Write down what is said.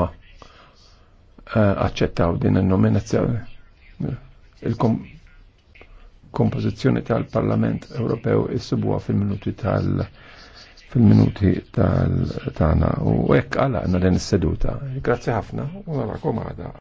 huma eh, aċċettaw din il-nominazzjoni il-kompożizzjoni tal-Parlament Ewropew issubuha fil-minuti tal- fil-minuti tal-tana u hekk għalaqna din is-seduta. Grazzi ħafna u għala komada.